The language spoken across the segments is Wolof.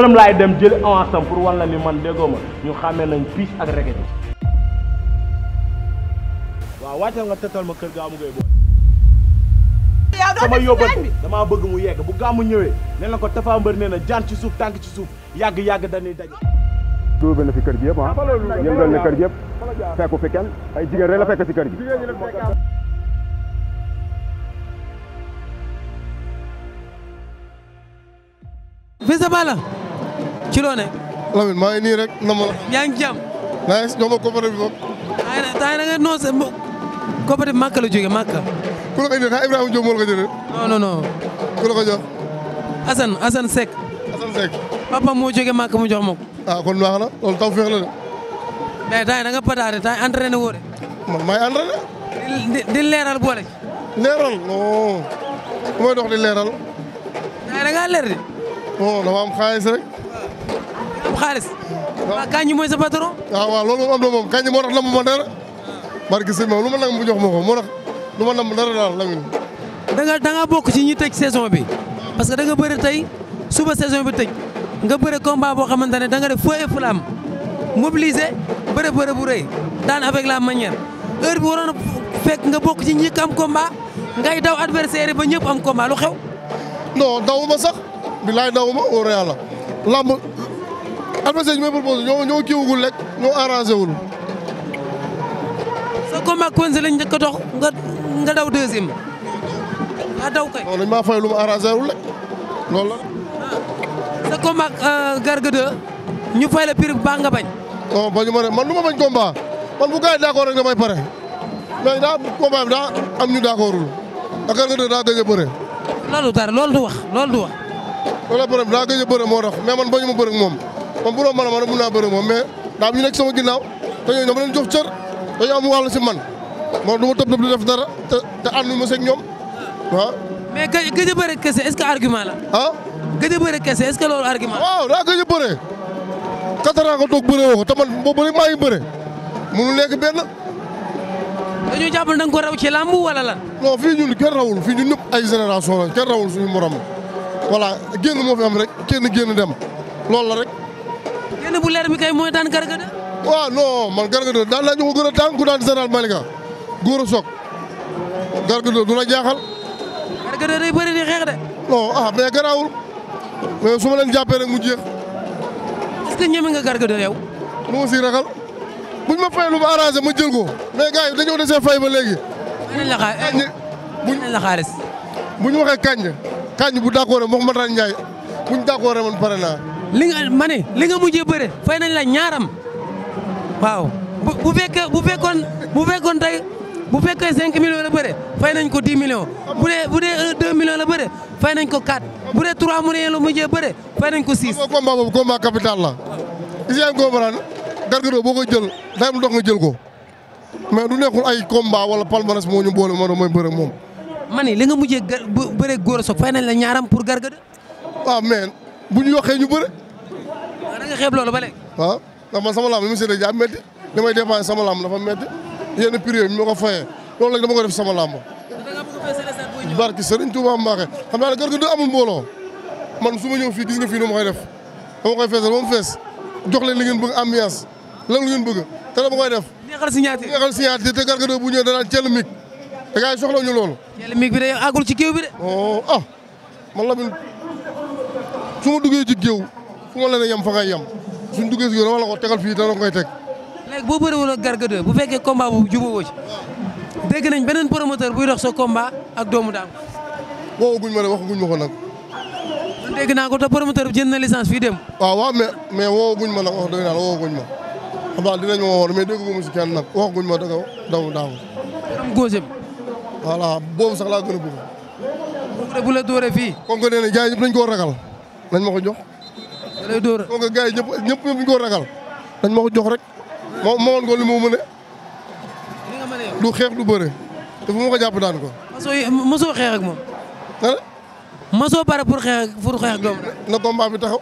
këram laay dem jël avance am pour wan man déggoo ma ñu nañ piis ak reket nga tëtal ma kër gaamu ngay boole. sama yóbbal damaa bëgg mu yegg bu gaamu ñëwee nee na ko Tapha Mbeur nee jaan ci suuf tànk ci suuf yàgg yàgg dañuy daje. duubal na fi kër gi yëpp ah yëngal na kër gi yëpp fekku fi kenn ay jigéen rek la fekk si kër gi. Fils de Balla ci loo maa ngi na ma. yaa ngi jàmm. maa ngi ñoom bi moom. taa na la jógee Màkka. ku la ko jëlee Ibrahima Diop moo la ko jëlee. non non non. moo jógee Màkka mu jox ma ko. ah kon baax na loolu taw féex de. mais taa da nga taa entraîné woo de. man maay entraîné. di leeral boole. leeral non. ku may dox di leeral. taa da ngaa leer de. non dama rek. xaalis. waaw Kandji mooy sa patron. Ah, waaw loolu am na moom Kandji moo tax namm ma dara. barke sëñ moom lu ma nag mu jox ma ko moo tax lu ma namm dara daal Lamine. da nga da nga bokk ci ñi tëj saison bi parce que danga nga tey suba saison bi tëj nga bëri combat boo xamante ne da nga def feu et flamme mobiliser bëre bëre bu rëy daan avec la manière heure bi waroon fek nga bokk ci ñi am combat ngay daw adversaire ba ñëpp am combat lu xew. non dawuma sax bilaay dawuma adversaire bi may proposé ñoo ñoo kiiwagul rek ñoo arrangé wul. sa combat Quenche lañ njëkk a dox nga nga daw deuxième. ah daw kay. non dañ maa fay lu ma arrangé wul rek loolu la. Ah. sa combat euh, Garga 2 ñu fay la prix bu baax nga bañ. non bañu ma ne man lu ma bañ combat man bu gars yi d'accord rek pare mais daa combat bi daa am ñu d'accordul ak Garga 2 daa gëj a bëre. loolu dara loolu du wax loolu du wax. loolu problème daa gëj a bëre moo tax mais man bañu ma bëre moom. man bu doon mën a mun naa bëri moom mais daa ñu nekk sama ginnaaw te ñooñu dama leen jox cër dañu am wàll si man moom du tëb tëb di def dara te te ànduñu ma seeg ñoom waaw. mais gëj a bëre kese est-ce la. ah gëj a bëre kese est loolu argument waaw daa gëj a bëre quatre toog bëre woo ko te man boo bëri maa ngi munu nekk benn. dañoo jàpp ne da nga ko ci làmb wala lan. non fii ñun kenn rawul fii ñun ñëpp ay génération la kenn rawul suñu benn leer bi kay mooy daan Garga de. waaw non man Garga de daan ñu ko gën a tàng ku daan Général Malika góor a soog Garga de du la jaaxal. Garga de day bëri di xeex de. non ah mais garaawul mais su ma leen jàppee rek mu jeex. est-ce que ñeme nga Garga de yow. lu ma siy lu ma arrangé ma jël ko mais gars yi ma desee fay ba léegi. buñ la xaar eh, buñ kañ kañ bu d'accord Mouhamadou Ndiaye buñ d'accord man pare naa. li nga ma ne li nga mujjee bëre fay nañ la ñaaram waaw bu bu fekkee bu fekkoon bu fekkoon tey bu fekkee 5 millions la bëre fay nañ ko 10 millions bu dee bu dee 2 millions la bëre fay nañ ko 4 bu dee 3 millions la mujjee bëre fay nañ ko 6. xam nga combat boobu combat capital la. Issaoui Ngobrane Garga 2 boo ko jël day mu dox nga jël ko mais du ay combat wala palmarès moo ñu boole ma ne mooy bëre moom. ma ne li nga mujjee bëre góor a soog fay nañ la ñaaram pour Garga bu ñu yokkee ñu bëre. waaw da nga xeeb loolu waaw ndax man sama lamb yi ma séddee jaa métti li may dépensé sama lamb dafa métti yenn prix moo ma ko fayee loolu léegi dama ko def sama lamb. barki Serigne Touba Mbacké xam naa ne Garga 2 amul mbooloo man su ma ñëw fii gis nga fii nu ma koy def dama koy feesal ba mu fees jox leen li ngeen bëgg ambiance lan ngeen bëgg te dama koy def. neexal signature neexal te Garga 2 bu ñëwee danaan cell mic da ngay soxla ñu loolu. cell mic bi day àggul ci kéew bi de. oh ah la su ma duggee ci géew fu ma la ne yem fa ngay yem suñ duggee ci géew dama la ko tegal fii dana koy teg. léegi boo bëri woon ak Garga bu fekkee combat bu jubóo ci dégg nañ beneen promoteur buy dox sa combat ak doomu daam. woo guñ ma de wax guñ ma ko nag. man dégg naa ko te promoteur bu jënd na licence fii dem. waaw waaw mais woo guñ ma nag wax dëgg naa la guñ ma xam naa dinañ ma woo mais dégg mu si kenn nag wax guñ ma dëgg doomu daam. am góose bi. voilà boobu sax laa gën a bëgg. bu dee fii. comme que nee na nañ koo ragal. nañ ma ko jox. da lay dóor foog nga yi ñëpp ñëpp ñu ko ragal nañ ma ko jox rek. moo moomoon ko li mu mën a. li nga mën du xeex du bëre te fu ma ko jàpp daan ko. mosoo mosoo xeex ak moom. nga ne. mosoo pare pour xeex pour xeex ak doom. na combat bi taxaw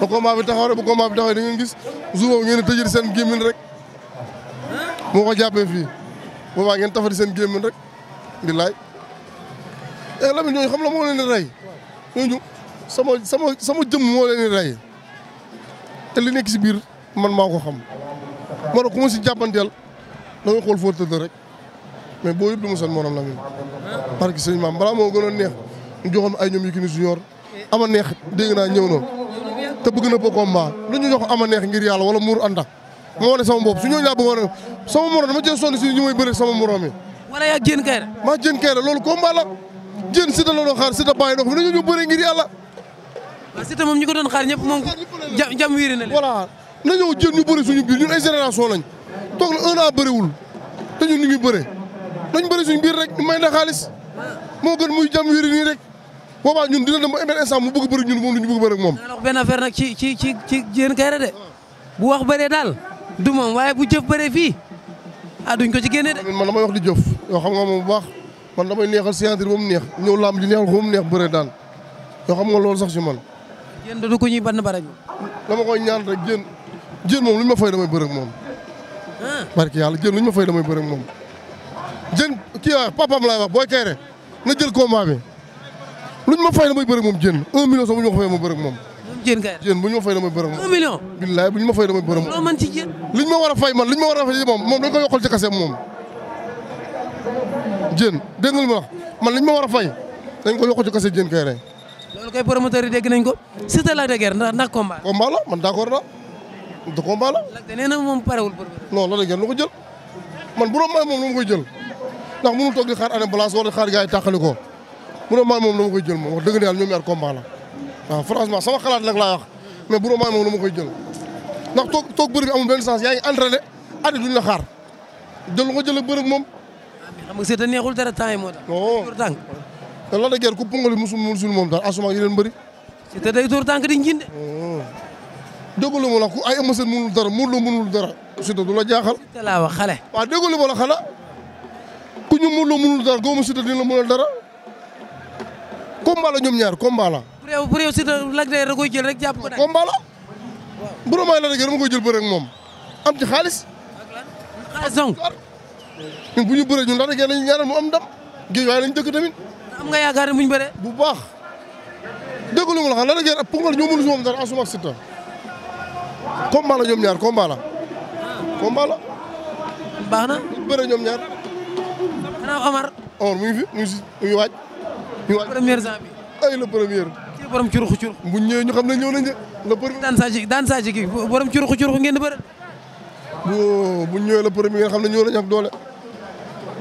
na combat bi taxaw rek bu combat bi taxaw da ngeen gis su boobu ngeen di tëjee seen gémmiñ rek. moo ko jàppee fii boobaa ngeen tafati seen gémmiñ rek di laaj. eh Lamine ñooñu xam la moo leen di rey ñooñu. sama sama sama jëm moo leen rey te li nekk si biir man maa ko xam moo tax ku ma si jàppanteel da ngay xool foo tëdd rek mais boo yëpp du ma seen morom la muy parce que sëñ balaa moo gënoon neex ñu joxoon ay ñoom Yékini Junior ama neex dégg naa ñëw noonu te bëgg na bëgg combat lu ñu jox ama neex ngir yàlla wala muur ànda ma wane sama bopp su ñëw laa bëggoon sama morom dama si ñu may bëre sama morom yi. wala yaa jën kayra. maa loolu combat la jën si da la doon xaar si da bàyyi ndox mi dañoo ñu bëre ngir yàlla. waaw Siteu moom ñi ko doon xaar ñëpp moom jam jam wiiri na leen. voilà nañoo jël ñu bëri suñu biir ñun ay génération lañ toog na un an te ñun ñu ngi bëre nañ bëri suñu biir rek ñu may na xaalis moo gën muy jam wiiri nii rek boobaa ñun dina dem ba MN mu bëgg bëri ñun moom la ñu bëgg bëri ak moom. wax benn affaire nag ci ci ci ci jéen kayra de bu wax bëree daal du moom waaye bu jëf bëree fii ah duñ ko ci génne de. man damay wax di jëf yoo xam nga moom bu baax man damay neexal séantir ba mu neex ñëw lamb ji neexal ko ba mu neex bëree daal xam nga loolu sax si man jën du ko ñuy ban baraj dama koy ñaan rek jën jën moom lu ñu ma fay damay bërëg moom ah. barke yàlla jën lu ñu ma fay damay bërëg moom jën kii wax papam laay wax booy kayre na jël combat bi lu ñu ma fay damay bërëg moom jën un million sax bu ñu ma ko fay ma bërëg moom jën kay jën bu ñu ma fay damay bërëg moom un million billaay bu ñu ma fay damay bërëg moom loo mën ci jën lu ñu ma war a fay man lu ñu ma war a fay moom moom dañ ko yokkal ci kase moom jën dégg nga ma wax man li ñu ma war a fay dañ ko yokkal ci kase jën kay rek loolu kay promoteur yi dégg nañ ko Siteu Lac de Guiers ndax ndax combat. la man d' accord la du combat la. Lac de nee na moom parewul pour. non Lac de Guiers lu ko jël man bu doon may moom dama koy jël ndax mënul toog di xaar année balance wala xaar gars yi tàqali ko bu doon may moom dama koy jël moom wax dëgg ne yàlla ñoom ñaar combat la waaw franchement nag laa mais bu doon may moom dama koy jël ndax toog toog bëri bi amul benn sens yaa ngi entraîné addi duñ la xaar jël lu ko jël ak bëri moom. Ah, xam nga Siteu neexul dara temps yi moo tax. te Lac de Guiers ku pungali musul musul moom daal asuma yeneen mbëri. si te day door tànk di njiin de. Hmm. déglu ma la ku ay émission mënul dara mënul mënul dara. surtout du la jaaxal. te laa wax xale. waaw déglu ma xala ku ñu mënul mënul dara góobamu surtout dina la mënal dara. combat la ñoom ñaar combat la. bu réew bu réew koy jël rek jàpp ko. combat la. bu doon may Lac de Guiers jël bëre ak moom. am ci xaalis. xaalis donc. ñun bu ñu bëree ñun Lac de Guiers lañu ñaanal mu am tamit. am nga yaakaar ne bu ñu bëree. bu baax dégg lu ma la xam lan la ngeen ab pungal ñoo mënu si moom dara asuma ak Siteu combat la ñoom ñaar combat la. Ah. combat la. baax na bu bëree ñoom ñaar. xanaa Omar. Omar mu ngi fi mu ngi si mu ngi waaj. mu ngi waaj première saa bi. ay le premier. kii borom curuxu ñëwee ñu xam ne ñëw nañ de. le premier daan saa ji daan saa ji kii borom curuxu ngeen di bëri. bu bu ñëwee le premier nga xam na ñëw nañ ak doole.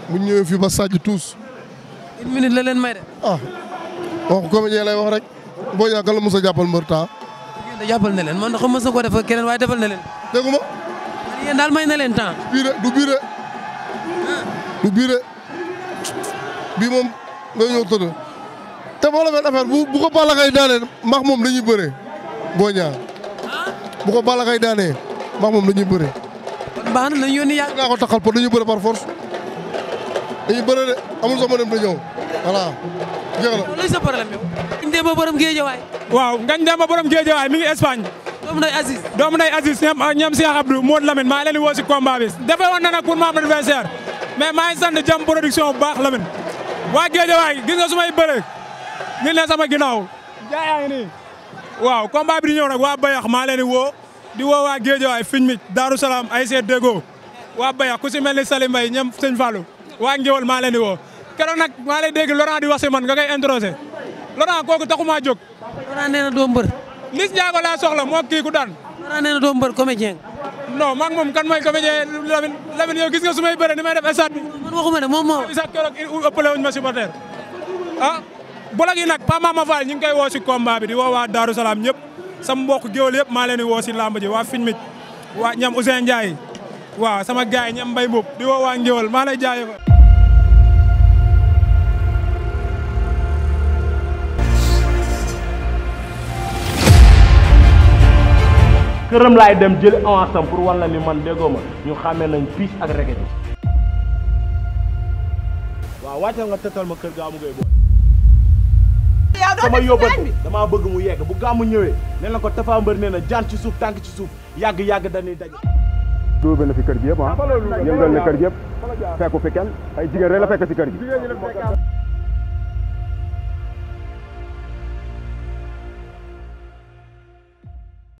bu ñëwee fii ba Sadji tous une minute la leen may de. ah wax comédien lay rek boo ñàkk la mos a mbër temps. da jàppal na leen man xam mos a ko def ak keneen waaye defal leen. dégg nga. yéen may na leen temps. bii de du ah. bii de. du moom nga ñëw te boo la mel affaire bu bu ko Balla Gaye max moom dañuy bëree boo ñaar ah. bu ko Balla Gaye moom dañuy bëree. baax na la ñu yónni yàgg. naa ko taxal pour dañuy bëre par force dañuy bëre de amul sax ma dem da waaw jeex na loolu sa problème yow. waaw ngañ dem ba borom géejawaay mi ngi Espagne. doomu nday Aziz. doomu nday Aziz ñoom ah, ñoom Cheikh Abdou Modou Lamine maa leen di woo si combat bi defee woon na nag pour ma mais maa ngi sant jam production bu baax Lamine. waa géejawaay gis nga su may bëre ñu ne sama ginnaaw. waaw combat bi di ñëw nag waa Bayax maa leen woo di woo waa géejawaay fiñ mi Daaru ay seet déggoo waa Bayax ku si mel ni Salim Mbaye ñoom Sëñ Fallou waa Ngéwal maa leen woo keroog nag maa lay dégg Laurent di wax si man nga koy introsé Laurent kooku taxumaa jóg. Laurent nee na doo mbër. Liss Ndiago laa soxla moo kii ku daan. Laurent nee na doo mbër comédien. non maa ngi moom kan mooy comédien Lamine Lamine yow gis nga su may bëre ni may def stade bi. man waxuma ne moom moo. stade keroog ëppale wuñ ma supporter ah bolok yi nag Pa Mama Fall ñu ngi koy woo si combat bi di woo waa Darou Salaam ñëpp sama mbokk géwél yëpp maa leen di woo si làmb ji waa waa ñam Ousseyn Ndiaye waa sama gars ñam Mbaye Mboup di woo waa maa lay jaayee këram laay dem jël avance am pour wan la ni man déggoo ma ñu xàmmee nañ piis ak reket bi waaw wàccal nga tëtal ma kër gaamu ngay booy sama yóbbante damaa bëgg mu yegg bu gàmmu ñëwee nee na ko Tapha Mbeur nee na jaan ci suuf tànk ci suuf yàgg-yàgg dañuy daje duubal na fi kër gi yëpp ah yëngal na kër gi yëpp fekku fi kenn ay jigéen rek la fekk si kër gi